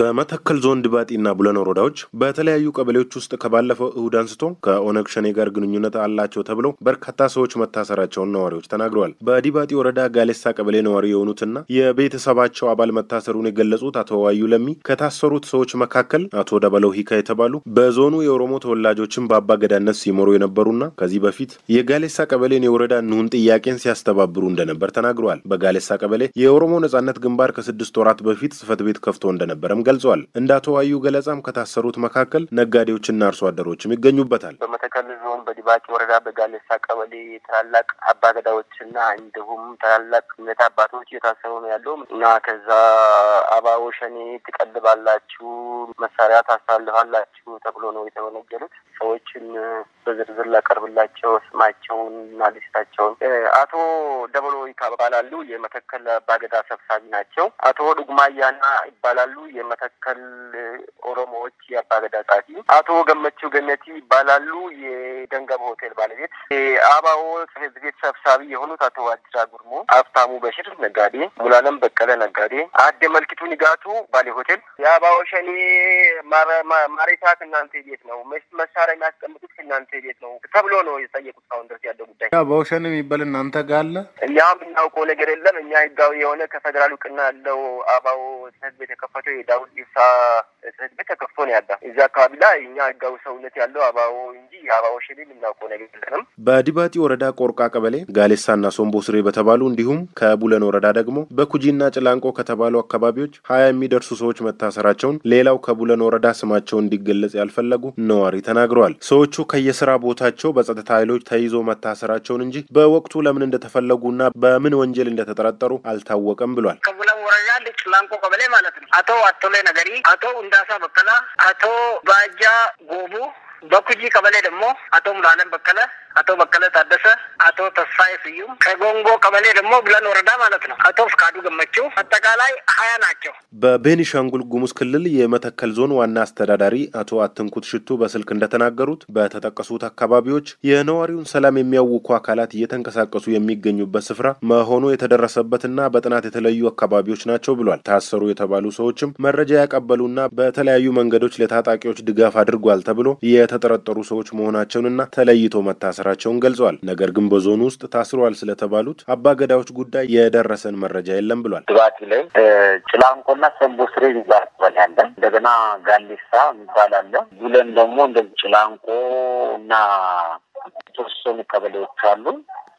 በመተከል ዞን ድባጢና ቡለን ወረዳዎች በተለያዩ ቀበሌዎች ውስጥ ከባለፈው እሁድ አንስቶ ከኦነግ ሸኔ ጋር ግንኙነት አላቸው ተብለው በርካታ ሰዎች መታሰራቸውን ነዋሪዎች ተናግረዋል። በዲባጢ ወረዳ ጋሌሳ ቀበሌ ነዋሪ የሆኑትና የቤተሰባቸው አባል መታሰሩን የገለጹት አቶ ዋዩ ለሚ ከታሰሩት ሰዎች መካከል አቶ ደበለው ሂካ የተባሉ በዞኑ የኦሮሞ ተወላጆችን በአባገዳነት ሲመሩ የነበሩና ከዚህ በፊት የጋሌሳ ቀበሌን የወረዳ ንሁን ጥያቄን ሲያስተባብሩ እንደነበር ተናግረዋል። በጋሌሳ ቀበሌ የኦሮሞ ነጻነት ግንባር ከስድስት ወራት በፊት ጽህፈት ቤት ከፍቶ እንደነበረ እንደነበረም ገልጿል። እንደ አቶ ዋዩ ገለጻም ከታሰሩት መካከል ነጋዴዎችና አርሶ አደሮችም ይገኙበታል። በመተከል ዞን በዲባጭ ወረዳ በጋሌሳ ቀበሌ ታላላቅ አባገዳዎችና እንዲሁም ታላላቅ እምነት አባቶች እየታሰሩ ነው ያለው እና ከዛ አባዎ ሸኔ ትቀልባላችሁ፣ መሳሪያ ታሳልፋላችሁ ተብሎ ነው የተወነጀሉት። ሰዎችን በዝርዝር ላቀርብላቸው ስማቸውን እና ሊስታቸውን። አቶ ደበሎ ይባላሉ፣ የመተከል አባገዳ ሰብሳቢ ናቸው። አቶ ዱጉማያና ይባላሉ፣ የመተከል ኦሮሞዎች የአባገዳ ጸሐፊ አቶ ገመችው ገነቲ ይባላሉ። የደንገመ ሆቴል ባለቤት፣ የአባኦ ጽሕፈት ቤት ሰብሳቢ የሆኑት አቶ አዲራ ጉርሞ፣ ሀብታሙ በሽር ነጋዴ፣ ሙላለም በቀለ ነጋዴ፣ አደ መልክቱ ንጋቱ ባሌ ሆቴል፣ የአባኦ ሸኔ ማሬታ ከእናንተ ቤት ነው መሳሪያ የሚያስቀምጡት ከእናንተ ቤት ነው ተብሎ ነው የጠየቁት። አሁን ድረስ ያለው ጉዳይ አባኦ ሸኔ የሚባል እናንተ ጋር አለ። እኛ የምናውቀው ነገር የለም። እኛ ህጋዊ የሆነ ከፌዴራል እውቅና ያለው አባኦ ጽሕፈት ቤት የከፈተው ህጋዊ ኢብሳ ጽህፈት ቤት ተከፍቶ ነው ያለ። እዚ አካባቢ ላይ እኛ ህጋዊ ሰውነት ያለው አባቦ እንጂ የአባቦ ሽሌ የምናውቀው ነገር የለንም። በዲባጢ ወረዳ ቆርቃ ቀበሌ ጋሌሳና ሶምቦ ስሬ በተባሉ እንዲሁም ከቡለን ወረዳ ደግሞ በኩጂና ጭላንቆ ከተባሉ አካባቢዎች ሀያ የሚደርሱ ሰዎች መታሰራቸውን ሌላው ከቡለን ወረዳ ስማቸው እንዲገለጽ ያልፈለጉ ነዋሪ ተናግረዋል። ሰዎቹ ከየስራ ቦታቸው በጸጥታ ኃይሎች ተይዞ መታሰራቸውን እንጂ በወቅቱ ለምን እንደተፈለጉና በምን ወንጀል እንደተጠረጠሩ አልታወቀም ብሏል። ትባላለች። ላንቆ ቀበሌ ማለት ነው። አቶ አቶሌ ነገሪ፣ አቶ እንዳሳ በቀላ፣ አቶ ባጃ ጎቡ በኩጂ ቀበሌ ደግሞ አቶ ሙሉዓለም በቀለ፣ አቶ በቀለ ታደሰ፣ አቶ ተስፋዬ ስዩም፣ ከጎንጎ ቀበሌ ደግሞ ብለን ወረዳ ማለት ነው አቶ ፍቃዱ ገመችው፣ አጠቃላይ ሀያ ናቸው። በቤኒሻንጉል ጉሙዝ ክልል የመተከል ዞን ዋና አስተዳዳሪ አቶ አትንኩት ሽቱ በስልክ እንደተናገሩት በተጠቀሱት አካባቢዎች የነዋሪውን ሰላም የሚያውኩ አካላት እየተንቀሳቀሱ የሚገኙበት ስፍራ መሆኑ የተደረሰበትና በጥናት የተለዩ አካባቢዎች ናቸው ብሏል። ታሰሩ የተባሉ ሰዎችም መረጃ ያቀበሉና በተለያዩ መንገዶች ለታጣቂዎች ድጋፍ አድርጓል ተብሎ የ የተጠረጠሩ ሰዎች መሆናቸውንና ተለይቶ መታሰራቸውን ገልጸዋል። ነገር ግን በዞኑ ውስጥ ታስረዋል ስለተባሉት አባ ገዳዎች ጉዳይ የደረሰን መረጃ የለም ብሏል። ግባቲ ላይ ጭላንቆና ሰንቦስሬ የሚባል ያለ አለ። እንደገና ጋሊሳ የሚባል አለ። ቡለን ደግሞ እንደዚህ ጭላንቆ እና የተወሰኑ ቀበሌዎች አሉ።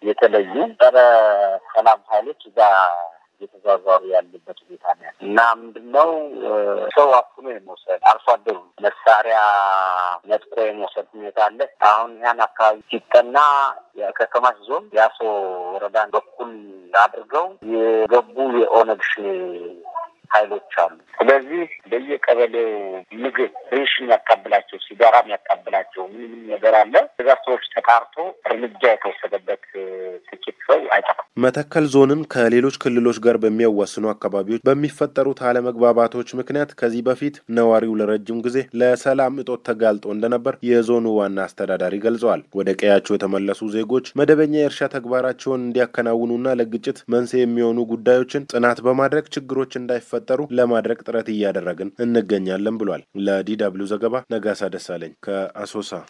የተለዩ ጸረ ሰላም ኃይሎች እዛ እየተዟዟሩ ያለበት ሁኔታ ነው እና ምንድነው ሰው አፍኖ የመውሰድ አርሶ አደሩ መሳሪያ ነጥቆ የመውሰድ ሁኔታ አለ። አሁን ያን አካባቢ ሲጠና ከከማሽ ዞን ያሶ ወረዳን በኩል አድርገው የገቡ የኦነግ ኃይሎች አሉ። ስለዚህ በየቀበሌው ምግብ ትንሽ የሚያቃብላቸው ሲጋራ የሚያቀብላቸው ምንም ነገር አለ። እዛ ሰዎች ተጣርቶ እርምጃ የተወሰደበት ሰው አይጠፋም። መተከል ዞንን ከሌሎች ክልሎች ጋር በሚያዋስኑ አካባቢዎች በሚፈጠሩት አለመግባባቶች ምክንያት ከዚህ በፊት ነዋሪው ለረጅም ጊዜ ለሰላም እጦት ተጋልጦ እንደነበር የዞኑ ዋና አስተዳዳሪ ገልጸዋል። ወደ ቀያቸው የተመለሱ ዜጎች መደበኛ የእርሻ ተግባራቸውን እንዲያከናውኑና ለግጭት መንስኤ የሚሆኑ ጉዳዮችን ጥናት በማድረግ ችግሮች እንዳይፈጠሩ ለማድረግ ጥረት እያደረግን እንገኛለን ብሏል። ለዲ ደብልዩ ዘገባ ነጋሳ ደሳለኝ ከአሶሳ